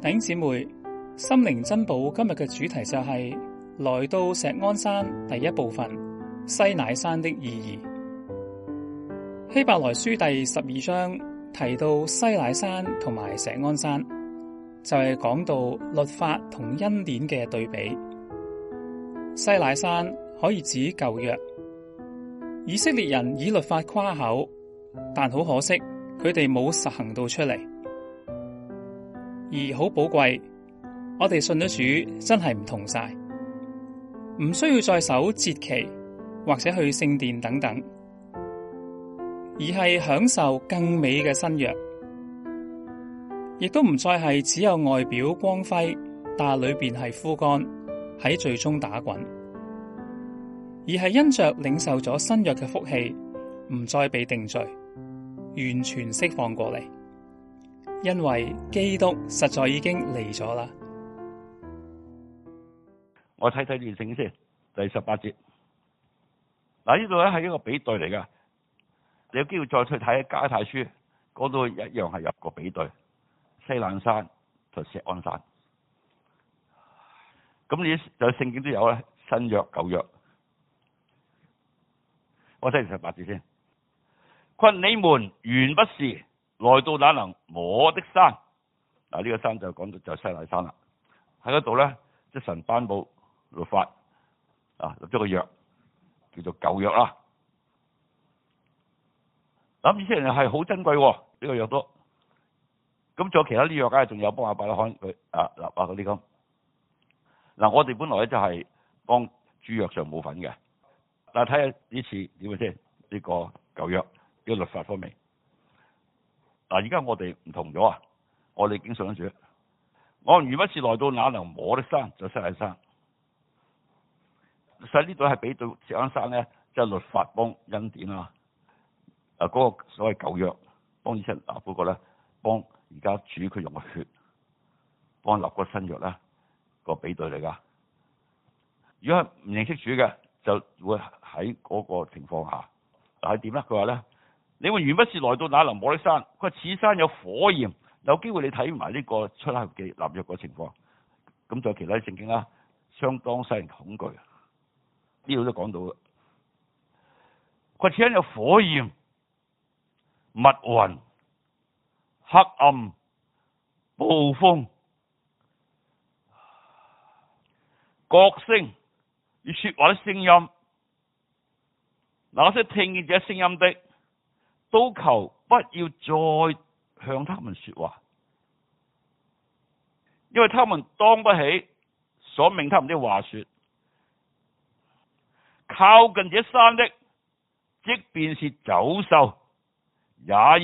弟兄姊妹，心靈珍寶今日嘅主題就係、是、來到錫安山第一部分西乃山的意義。希伯來書第十二章提到西乃山同埋錫安山，就係、是、講到律法同恩典嘅對比。西乃山可以指舊約，以色列人以律法誇口，但好可惜佢哋冇實行到出嚟。而好寶貴，我哋信咗主真係唔同晒，唔需要再守節期或者去聖殿等等，而係享受更美嘅新約，亦都唔再係只有外表光輝，但裏邊係枯乾喺最終打滾，而係因着領受咗新約嘅福氣，唔再被定罪，完全釋放過嚟。因為基督實在已經嚟咗啦，我睇睇段聖經先，第十八節嗱呢度咧係一個比對嚟噶，你有機會再去睇加太書，嗰度一樣係入個比對，西乃山同錫安山，咁你有聖經都有咧新約舊約，我睇完十八節先，困你們原不是。來到那能摸的山。嗱，呢個山就講到就西乃山啦，喺嗰度咧，即神頒布律法啊，立咗個約，叫做舊約啦。咁而且又係好珍貴呢個約都，咁仲有其他啲約梗係仲有幫亞伯拉罕，佢啊立啊啲咁。嗱，我哋本來咧就係幫豬約上冇份嘅，嗱，睇下呢次點先？呢個舊約，呢個律法方面。嗱，而家我哋唔同咗啊！我哋敬信主，我如不是來到那能摸的山就西乃山，所以呢度係比對錫安山呢，即、就、係、是、律法幫恩典啦、啊，啊、那、嗰個所謂舊約幫啲出嗱嗰個咧，幫而家主佢用嘅血，幫立個新約啦，那個比對嚟噶。如果係唔認識主嘅，就會喺嗰個情況下，係點咧？佢話咧。你們原不是來到那能摸的山，佢似山有火焰，有機會你睇埋呢個出埃及嘅南約嘅情況。咁再其他聖經啦，相當使人恐懼。呢度都講到啦，佢似山有火焰、密雲、黑暗、暴風、角聲與說話嘅聲音，嗱，那些聽見這聲音的。都求不要再向他們說話，因為他們當不起所命他們啲話說，靠近這山的，即便是走獸，也要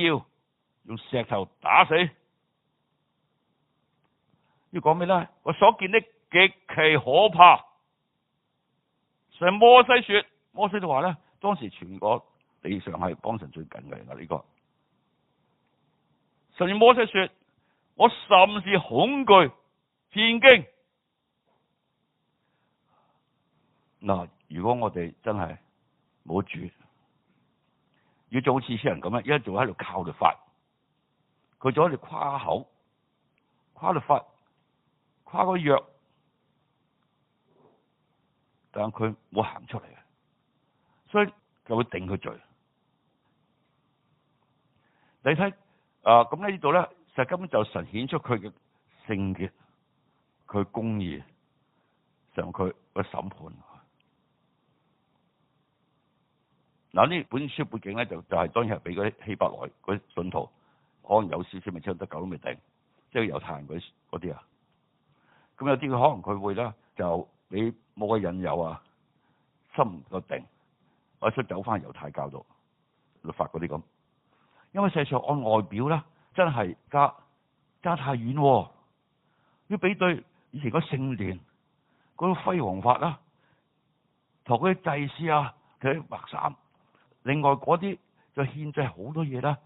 用石頭打死。要講咩呢？我所見的極其可怕。甚至摩西說，摩西就話呢，當時全國。地上係幫神最緊嘅，而家呢個神與魔者說：我甚至恐懼天經。嗱，如果我哋真係冇主，要做好似啲人咁樣一家做喺度靠律法，佢就喺度誇口、誇律法、誇個約，但佢冇行出嚟嘅，所以就會定佢罪。你睇啊，咁、呃、喺呢度咧，實根本就神顯出佢嘅聖潔，佢公義，上佢個審判。嗱、呃、呢本書背景咧，就就是、係當日俾嗰啲希伯來嗰信徒，可能有少少咪走得久都未定，即係猶太人嗰啲啊。咁有啲佢可能佢會啦，就你冇個引誘啊，心唔夠定，一出走翻猶太教度，律法嗰啲咁。因為世上按外表啦，真係隔加太遠，要比對以前嗰聖殿、嗰、嗰個輝煌法啦，同嗰啲祭司啊，佢啲白衫，另外嗰啲就獻祭好多嘢啦，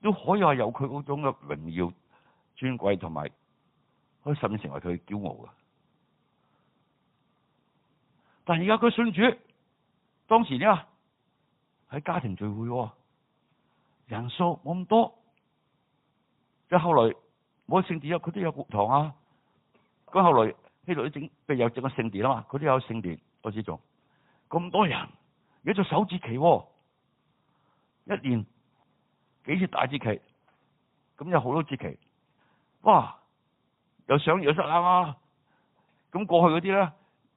都可以話有佢嗰種嘅榮耀尊貴同埋，以可以甚至成為佢驕傲嘅。但係而家佢信主，當時呢話喺家庭聚會。人數冇咁多，即係後來冇聖殿啊，佢都有堂啊。咁後來呢度都整，如有整個聖殿啊嘛，佢都有聖殿。開始做咁多人，有做首節期、啊，一年幾次大節期，咁有好多節期，哇！有上有失啊嘛。咁過去嗰啲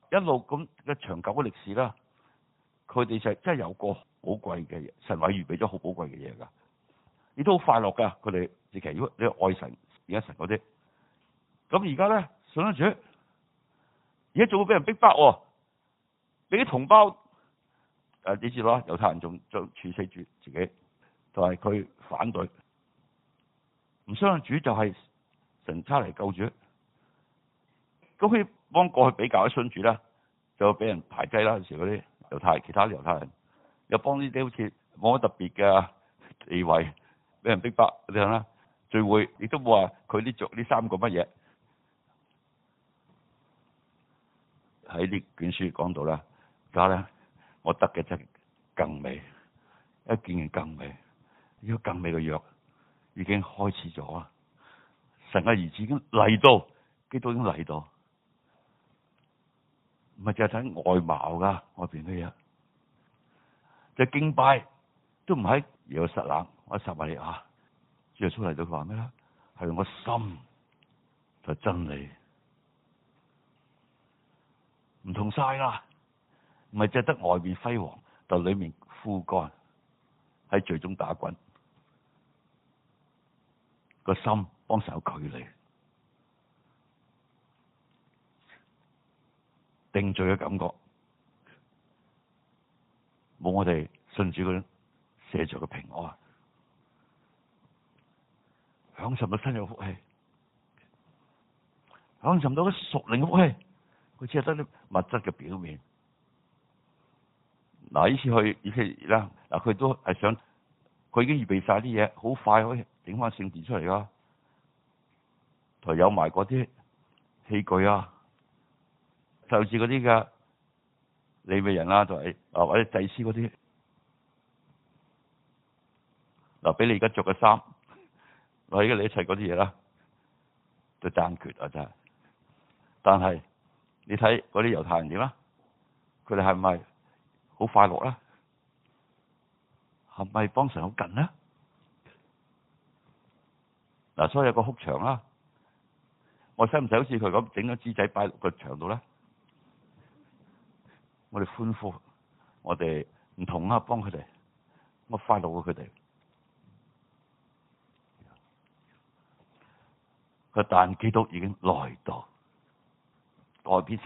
咧，一路咁嘅長久嘅歷史啦，佢哋就真係有個寶貴嘅神位預備咗好寶貴嘅嘢噶。你都好快樂噶，佢哋尤其如果你愛神、信神嗰啲，咁而家咧信主，而家仲會俾人逼迫、哦。俾啲同胞，誒、啊，你知啦，猶太人仲將處死主自己，就係、是、佢反對唔相信主，就係神差嚟救主，咁可以幫過去比較啲信主啦，就俾人排擠啦。有時嗰啲猶太人、其他猶太人，又幫呢啲好似冇乜特別嘅地位。俾人逼迫，你睇啦，聚會亦都冇話佢呢做呢三個乜嘢喺呢卷書講到啦。而家咧，我得嘅真更美，一見完更美。呢、這個更美嘅約已經開始咗啦。神嘅兒子已經嚟到，基督已經嚟到，唔係就係睇外貌噶外邊嘅嘢，就是、敬拜都唔係耶路撒冷。我實話你吓，耶出嚟就佢話咩啦？係我心就真理，唔同晒啦，唔係只得外面輝煌，就裏面枯乾，喺罪中打滾，個心幫手有距離，定罪嘅感覺，冇我哋信主嘅寫著嘅平安。享受到新嘅福氣，享受到屬靈嘅福氣，佢只係得啲物質嘅表面。嗱，呢次去，嗱，嗱佢都係想，佢已經預備晒啲嘢，好快可以整翻聖殿出嚟噶，同有埋嗰啲器具啊，甚至嗰啲嘅利未人啦、啊，同啊或者祭司嗰啲，嗱，俾你而家着嘅衫。我而家你一齊嗰啲嘢啦，就爭奪啊！真係，但係你睇嗰啲猶太人點啦？佢哋係咪好快樂啦？係咪幫神好近啦？嗱、啊，所以有個哭牆啦，我使唔使好似佢咁整咗支仔擺落個牆度咧？我哋歡呼，我哋唔同啊！幫佢哋，我快樂過佢哋。但基督已經來到，改變。